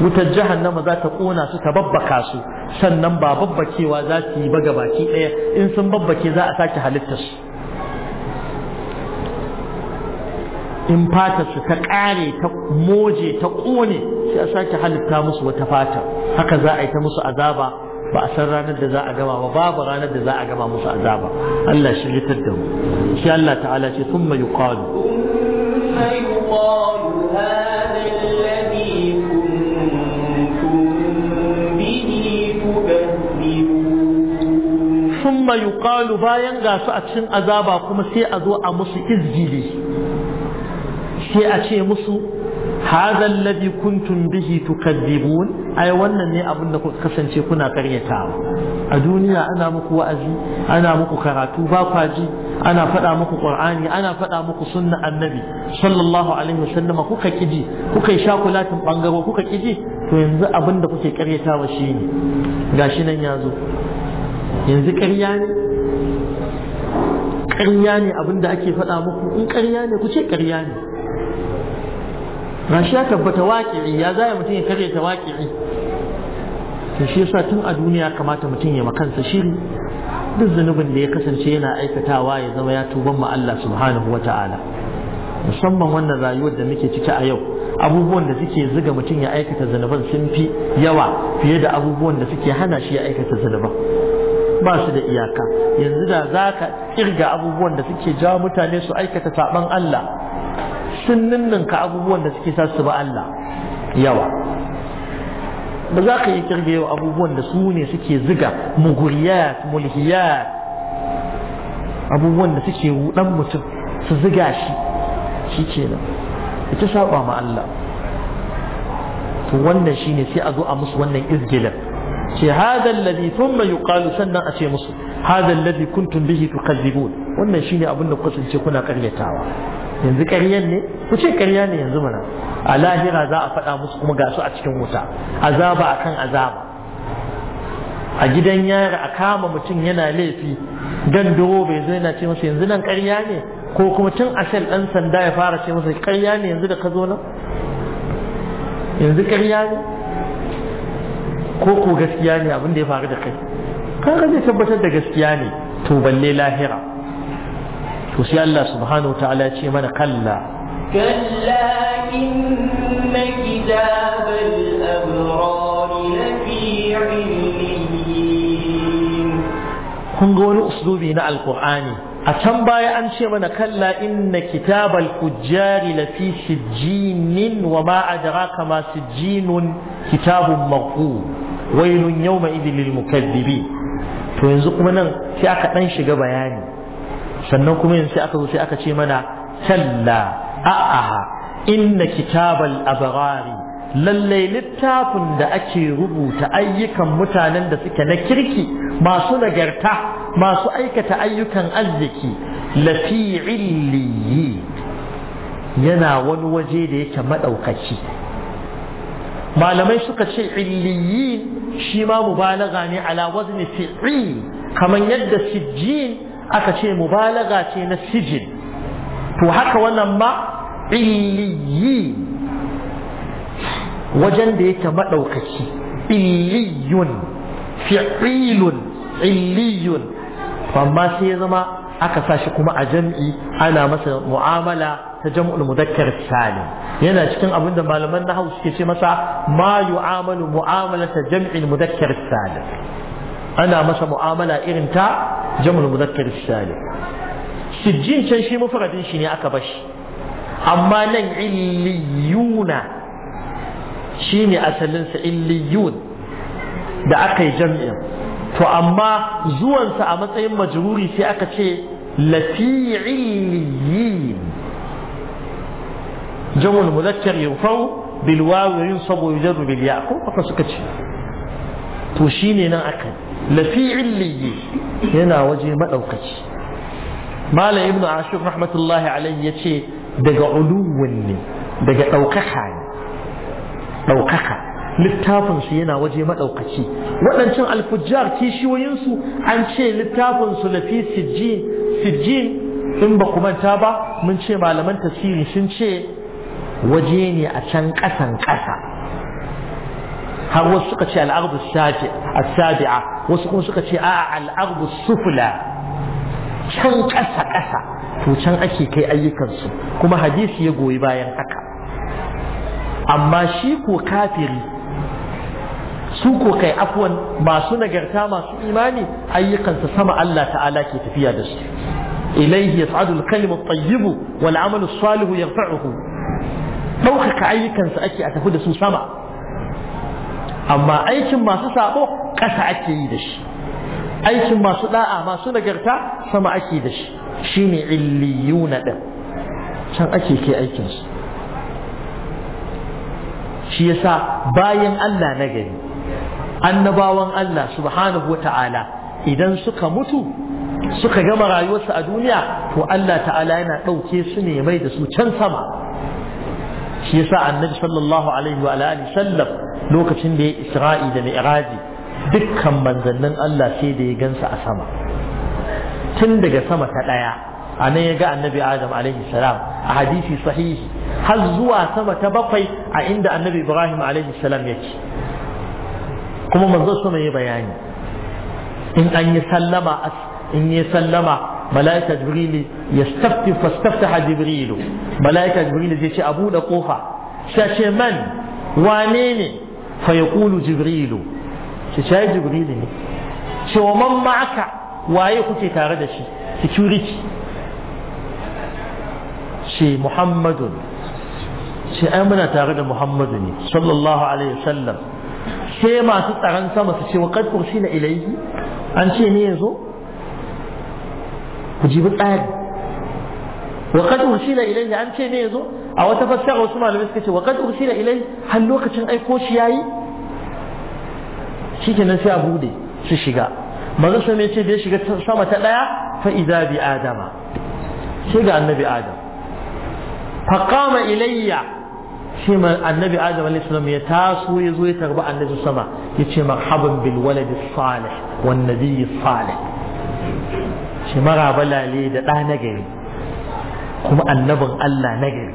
wutar jahannama za ta ƙona su ta babbaka su sannan ba babbakewa za su yi ba gabaki ɗaya in sun babbake za a sake halittar su in fata su ta ƙare ta moje ta ƙone sai a sake halitta musu wata fata haka za a yi ta musu azaba ba a san ranar da za a gama ba babu ranar da za a gama musu azaba Allah shi litar da mu shi Allah ta'ala ce sun mai yuqalu thumma yuqalu bayan ga su a cikin azaba kuma sai a zo a musu izjili sai a ce musu hadha alladhi kuntum bihi tukadzibun ai wannan ne abin da kuka kasance kuna karyatawa a duniya ana muku wa'azi ana muku karatu ba kwaji ana faɗa muku qur'ani ana faɗa muku sunna annabi sallallahu alaihi wasallam kuka kiji kuka sha kulatin bangaro kuka kiji to yanzu abin da kuke karyatawa shine gashi nan yazo yanzu ƙarya ne ƙarya ne abin ake faɗa muku in ƙarya ne ku ce ƙarya ne rashi ya tabbata waƙi'i ya zaya mutum ya karyata waƙi'i to shi yasa tun a duniya kamata mutum ya makansa shiri duk zunubin da ya kasance yana aikatawa ya zama ya tuban ma Allah subhanahu wa ta'ala musamman wannan rayuwar da muke ciki a yau abubuwan da suke ziga mutum ya aikata zunuban sun fi yawa fiye da abubuwan da suke hana shi ya aikata zunuban ba su da iyaka yanzu da za ka kirga abubuwan da suke jawo mutane su aikata saɓan Allah sun ninninka abubuwan da suke sa su ba Allah yawa ba za ka yi kirga yau abubuwan da su ne suke ziga muguriyat mulhiyat abubuwan da suke rudan mutum su ziga shi shi ke nan ita saba ma Allah wannan wannan ne sai a zo a musu wannan izgilin ce hada alladhi thumma yuqalu sannan a ce musu hada alladhi kuntum bihi tukadzibun wannan shine abin da kuka kuna karyatawa yanzu karyan ne ku ce karya ne yanzu mana a lahira za a faɗa musu kuma ga su a cikin wuta azaba akan azaba a gidan yari a kama mutum yana laifi gandowo bai zo yana ce masa yanzu nan karya ne ko kuma tun asal dan sanda ya fara ce masa karya ne yanzu da ka zo nan yanzu karya ne ko ko gaskiya ne abin da ya faru da kai kaga zai tabbatar da gaskiya ne to balle lahira to sai Allah subhanahu ta'ala ce mana kalla kalla inna kitabal abrar lafi kun ga wani uslubi na alqur'ani a can baya an ce mana kalla inna kitabal kujjari lafi sijjinin wa ma adraka ma sijjinun kitabun maqu wailun yawma mai lil mukazzibi to yanzu kuma nan sai aka dan shiga bayani sannan kuma yanzu sai aka zo sai aka ce mana kalla a'a inna kitabal abrari lallai littafin da ake rubuta ayyukan mutanen da suke na kirki masu nagarta masu aikata ayyukan arziki lafi'illiyi yana wani waje da yake maɗaukaci malamai suka ce illiyin shi ma mubalaga ne ala wazni fi'i kaman yadda sijjin aka ce mubalaga ce na sijin to haka wannan ma illiyi wajen da yake maɗaukaki illiyun fi'ilun illiyun amma sai ya zama aka sa shi kuma a jam'i ana masa mu'amala ta jam'ul mudakkar salim yana cikin abin da malaman nahwu suke ce masa ma yu'amalu ta jam'il mudakkar salim ana masa mu'amala irin ta jam'ul mudakkar salim sijjin can shi mufradin shi ne aka bashi amma nan illiyuna shine asalinsa sa illiyun da aka yi jam'in to amma zuwansa a matsayin majruri sai aka ce لفي عليين جمع المذكر يرفع بالواو ينصب ويجر بالياء فقط سكتش توشيني نا أكل لفي عليين هنا وجه ما أوكتش ما ابن عاشور رحمة الله عليه يتشي دقع علوني دقع أوكخاني أوكخاني Littafinsu yana waje maɗaukaci, waɗancan alfujjar kishiyoyinsu an ce littafin su lafi sijjin in ba manta ba mun ce malaman tasiri sun ce waje ne a can ƙasan ƙasa har wasu suka ce al'ardu sabi'a wasu kuma suka ce a'a al'ardu sufula can ƙasa ƙasa to can ake kai ayyukansu kuma hadisi ya goyi bayan haka amma shi ko kafiri su ko kai afwan masu nagarta masu imani ayyukansa sama Allah ta'ala ke tafiya da su ilaihi yas'adu kalimu tayyibu wal 'amalu salihu yarfa'uhu ɗaukaka ayyukansa ake a tafi da su sama amma aikin masu sabo ƙasa ake yi da shi aikin masu da'a masu nagarta sama ake da shi shine illiyuna din can ake ke aikinsu shi yasa bayan Allah na gari annabawan Allah subhanahu wa ta'ala idan suka mutu suka gama rayuwarsu a duniya to Allah ta'ala yana ɗauke su ne mai da su can sama shi yasa annabi sallallahu alaihi wa alihi sallam lokacin da ya isra'i da mi'raji dukkan manzannin Allah sai da ya gansa a sama tun daga sama ta ɗaya a nan ya ga annabi adam alaihi salam a hadisi sahihi har zuwa sama ta bakwai a inda annabi ibrahim alaihi salam yake kuma manzo sama yi bayani in an yi sallama in yi sallama malaika ya stafti fastaftaha jibrilu malaika jibril zai ce abu da kofa man wane ne fa yaqulu shi ne ce wa man ma'aka waye kuke tare da shi security muhammadun ai muna tare da muhammadu ne sallallahu alaihi wasallam sai masu tsaron sama su ce wa kad na ilayhi an ce ne yanzu ku jibi tsari wa kad na ilayhi an ce ne yanzu a wata fassara wasu malamai suka ce wa kad na ilayhi har lokacin aiko shi yayi shikenan sai a bude su shiga manzo sai ne ce bai shiga sama ta daya fa idza bi adama sai ga annabi adam faqama ilayya sai annabi adam alaihi ya taso ya zo ya tarba annabi sama ya ce marhaban bil walad salih wan nabiy salih shi maraba lale da ɗa na gari kuma annabin Allah na gari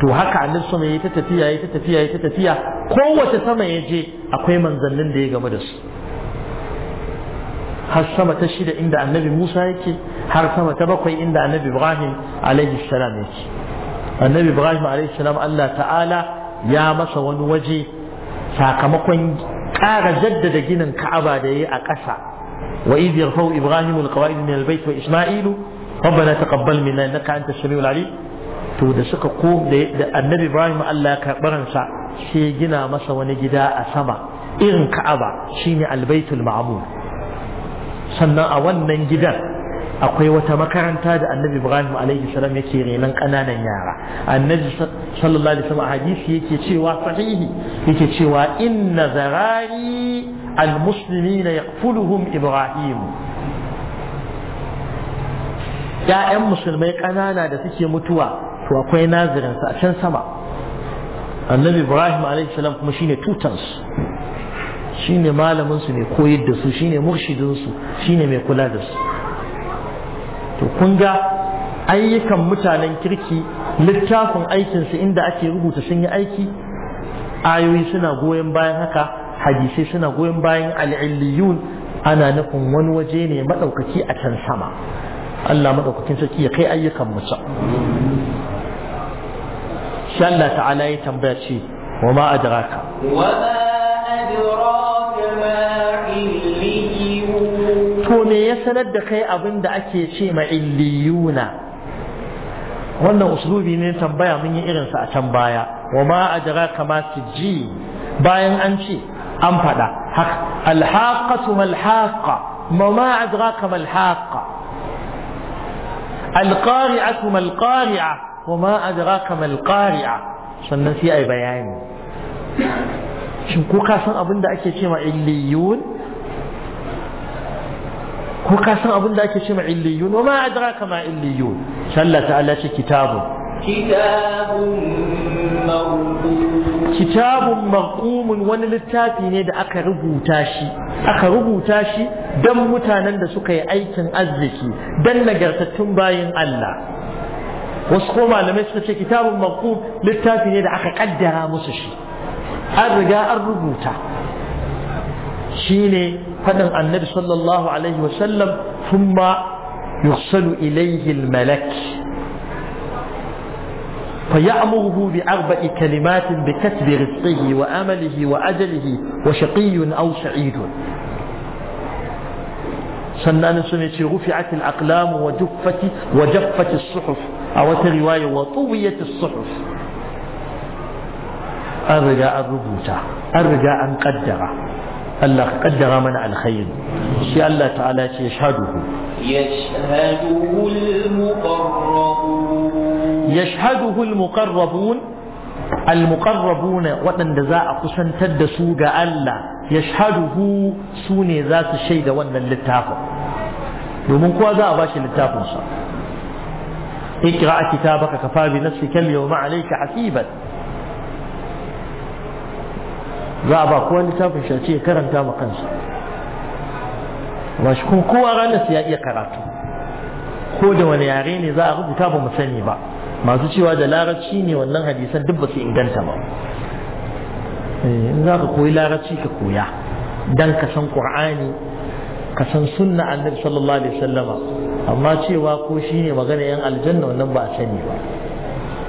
to haka annabi sama ya ta tafiya ya ta tafiya ya ta tafiya kowace sama ya je akwai manzannin da ya game da su har sama ta shida inda annabi Musa yake har sama ta bakwai inda annabi Ibrahim alaihi salam yake annabi ibrahim alaihi salam Allah ta'ala ya masa wani waje sakamakon ƙara jaddada ginin ka'aba da yayi a ƙasa wa idh yarfau ibrahim alqawaid min albayt wa isma'ilu rabbana taqabbal minna innaka antas samiul alim to da suka ko da annabi ibrahim Allah ya karbaransa sai gina masa wani gida a sama irin ka'aba shine albaitul ma'mur sannan a wannan gidan akwai wata makaranta da annabi ibrahim alaihi salam yake renon kananan yara annabi sallallahu alaihi wasallam hadisi yake cewa sahihi yake cewa inna zarari almuslimina yaqfuluhum ibrahim ya'yan musulmai kanana da suke mutuwa to akwai nazirinsa a can sama annabi ibrahim alaihi salam kuma shine tutansu shine malamin su ne koyar da su shine murshidin su shine mai kula da su to kun ga ayyukan mutanen kirki littafin aikinsu inda ake rubuta sun yi aiki ayoyi suna goyon bayan haka hadisai suna goyon bayan al'illiyun ana nufin wani waje ne maɗaukaki a can sama Allah maɗaukakin sarki ya kai ayyukan mutum shi Allah ta'ala ya tambaya ce wa ma adraka wa ma to me ya sanar da kai abin da ake ce ma illiyuna wannan uslubi ne tambaya mun yi irin sa a can baya wa ma ajra kama ji bayan an ce an fada haka alhaqatu malhaqa ma ma kama alhaqa alqari'atu malqari'a wa ma kama alqari'a sannan sai ai bayani shin ko ka san abin da ake ce ma illiyuna ko ka san abin da ake ce ma illiyun wa ma adraka ma illiyun sallah ta'ala ce kitabun kitabun marqumun wani littafi ne da aka rubuta shi aka rubuta shi dan mutanen da suka yi aikin arziki dan nagartattun bayin Allah wasu ko malamai suka ce kitabun marqum littafi ne da aka kaddara musu shi an riga an rubuta shine fadin annabi sallallahu alaihi wasallam thumma yursalu ilayhi almalak فيأمره بأربع كلمات بكسب رزقه وأمله وأجله وشقي أو سعيد sannan su ne ce rufi'at al-aqlam wa juffati wa jaffat as-suhuf a wata riwaya wa tuwiyat as-suhuf an riga an rubuta an riga an kaddara الله قدر من الخير شيء الله تعالى يشهده يشهده المقربون يشهده المقربون المقربون وطن دزاء قسن تدسو غا الله يشهده سوني ذات الشيء ده وطن للتافة يومون كوا ذا أباش للتافة اقرأ كتابك كفى بنفسك اليوم عليك حسيبا za a ba kowa littafin shi ya karanta ma kansa mashi kun kowa ranar ya iya karatu ko da wani yare ne za a rubuta ba mu sani ba masu cewa da larabci ne wannan hadisan duk ba su inganta ba eh, in za ka koyi larabci ka koya dan ka san qur'ani ka san sunna annabi sallallahu alaihi wasallama amma cewa ko shine magana yan aljanna wannan ba a sani ba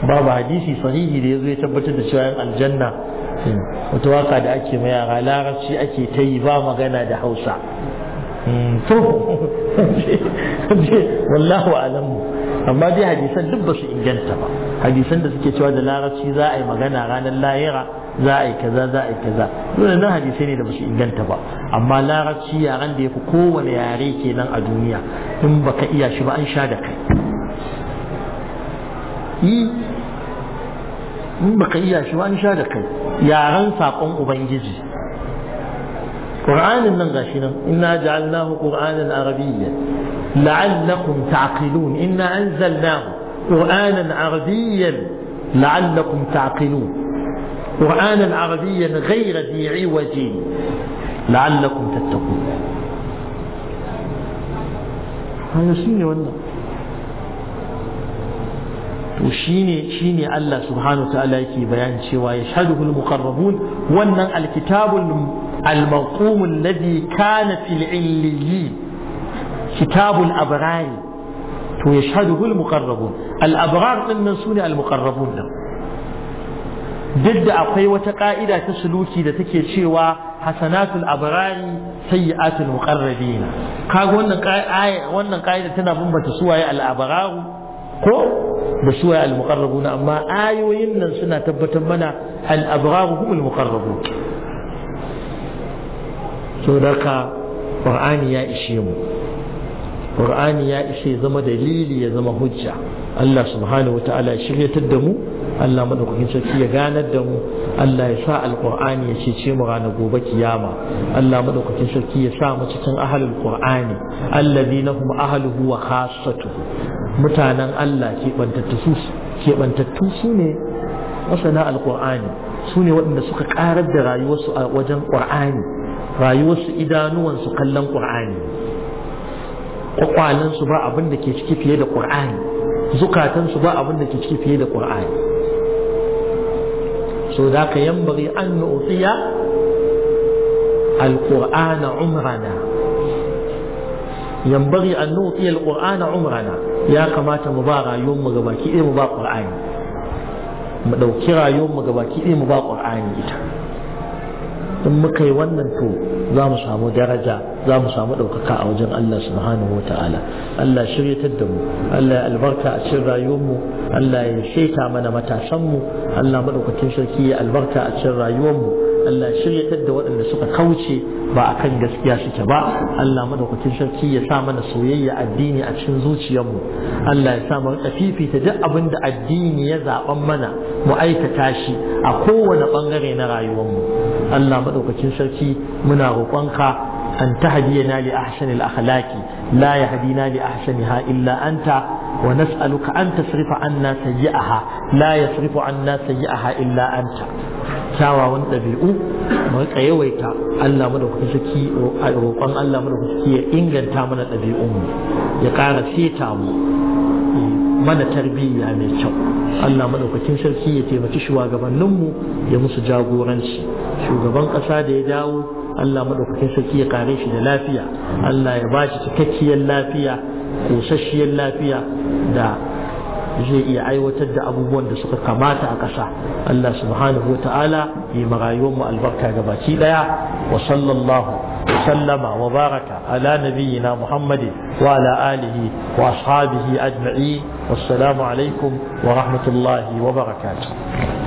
babu hadisi sahihi da ya zo ya tabbatar da cewa yan aljanna Hmm. wata waka da ake ma yara larabci ake ta yi ba magana da hausa hmm, to wallahu alamu amma dai hadisan duk ba su inganta ba hadisan da suke cewa da larabci za a yi magana ranar layira za a yi kaza za a yi kaza dole nan hadisai ne da ba su inganta ba amma larabci yaran da ya fi kowane yare kenan a duniya in baka iya shi ba an sha da kai in baka iya shi ba an sha da kai yaran saƙon ubangiji ƙur'anin nan gashi nan inna ja'alnahu qur'anan arabiyyan la'allakum ta'qilun inna anzalnahu qur'anan arabiyyan la'allakum ta'qilun qur'anan arabiyyan ghayra dhi 'iwajin la'allakum tattaqun هذا شنو wannan to shine shine Allah subhanahu wa ta'ala yake bayan cewa ya shaduhu al-muqarrabun wannan al-kitabul al-maqum alladhi kana fil illiyin kitabul abrari to ya shaduhu muqarrabun al-abrar din nan sune al-muqarrabun din duk da akwai wata ka'ida ta suluki da take cewa hasanatul abrari sayyi'atul muqarrabin kaga wannan wannan ka'ida tana bambanta suwaye al-abraru ko da su waye al amma ayoyin nan suna tabbatar mana al-abrar hum al to qur'ani ya ishe mu qur'ani ya ishe zama dalili ya zama hujja Allah subhanahu wa ta'ala shiryatar da mu Allah madaukakin sarki ya ganar da mu Allah ya sa alqur'ani ya cece mu ranar gobe kiyama Allah madaukakin sarki ya sa mu cikin ahlul qur'ani alladhina hum ahluhu wa khassatuhu mutanen Allah ke bantattu su ke bantattu su ne masana alqur'ani su ne waɗanda suka karar da rayuwarsu a wajen qur'ani rayuwarsu idanuwansu kallon qur'ani kwakwalensu ba abin da ke ciki fiye da ƙur'ani. zukatansu ba abin da ke ciki fiye da ƙur'ani. To da ka yambari an nufiya al-qur'ana yambari an nufiya al-qur'ana ya kamata mu ba rayuwar mu gabaki mu ba qur'ani mu ɗauki rayuwar mu gabaki mu ba ƙur'ani ita in muka yi wannan to za mu samu daraja za mu samu ɗaukaka a wajen Allah subhanahu wa ta'ala Allah shiryatar da mu Allah ya albarka a cikin rayuwarmu Allah ya shaita mana matasanmu Allah maɗaukakin sarki ya albarka a cikin rayuwarmu Allah shiryatar da waɗanda suka kauce ba a kan gaskiya suke ba Allah maɗaukakin sarki ya sa mana soyayya addini a cikin zuciyarmu Allah ya sa mu riƙa fifita duk abin da addini ya zaɓan mana mu aikata shi a kowane ɓangare na rayuwarmu Allah madaukakin sarki muna roƙonka an ta tahdiyana li ahsanil akhlaqi la yahdina li ha illa anta wa nas'aluka an tasrifa anna sayyi'aha la yasrifu anna sayyi'aha illa anta kyawawan ɗabi'u mu rika yawaita Allah madaukakin sarki roƙon Allah madaukakin sarki ya inganta mana ɗabi'un mu ya ƙara seta mu mana tarbiyya mai kyau Allah madaukakin sarki ya taimaki shugabanninmu ya musu jagoranci shugaban ƙasa da ya dawo Allah madaukakin sarki ya kare shi da lafiya Allah ya ba shi cikakkiyar lafiya kosasshiyar lafiya da zai iya aiwatar da abubuwan da suka kamata a ƙasa Allah subhanahu wa ta'ala ya marayuwar mu albarka gabaki ɗaya wa sallallahu وسلم وبارك على نبينا محمد وعلى آله وأصحابه أجمعين والسلام عليكم ورحمة الله وبركاته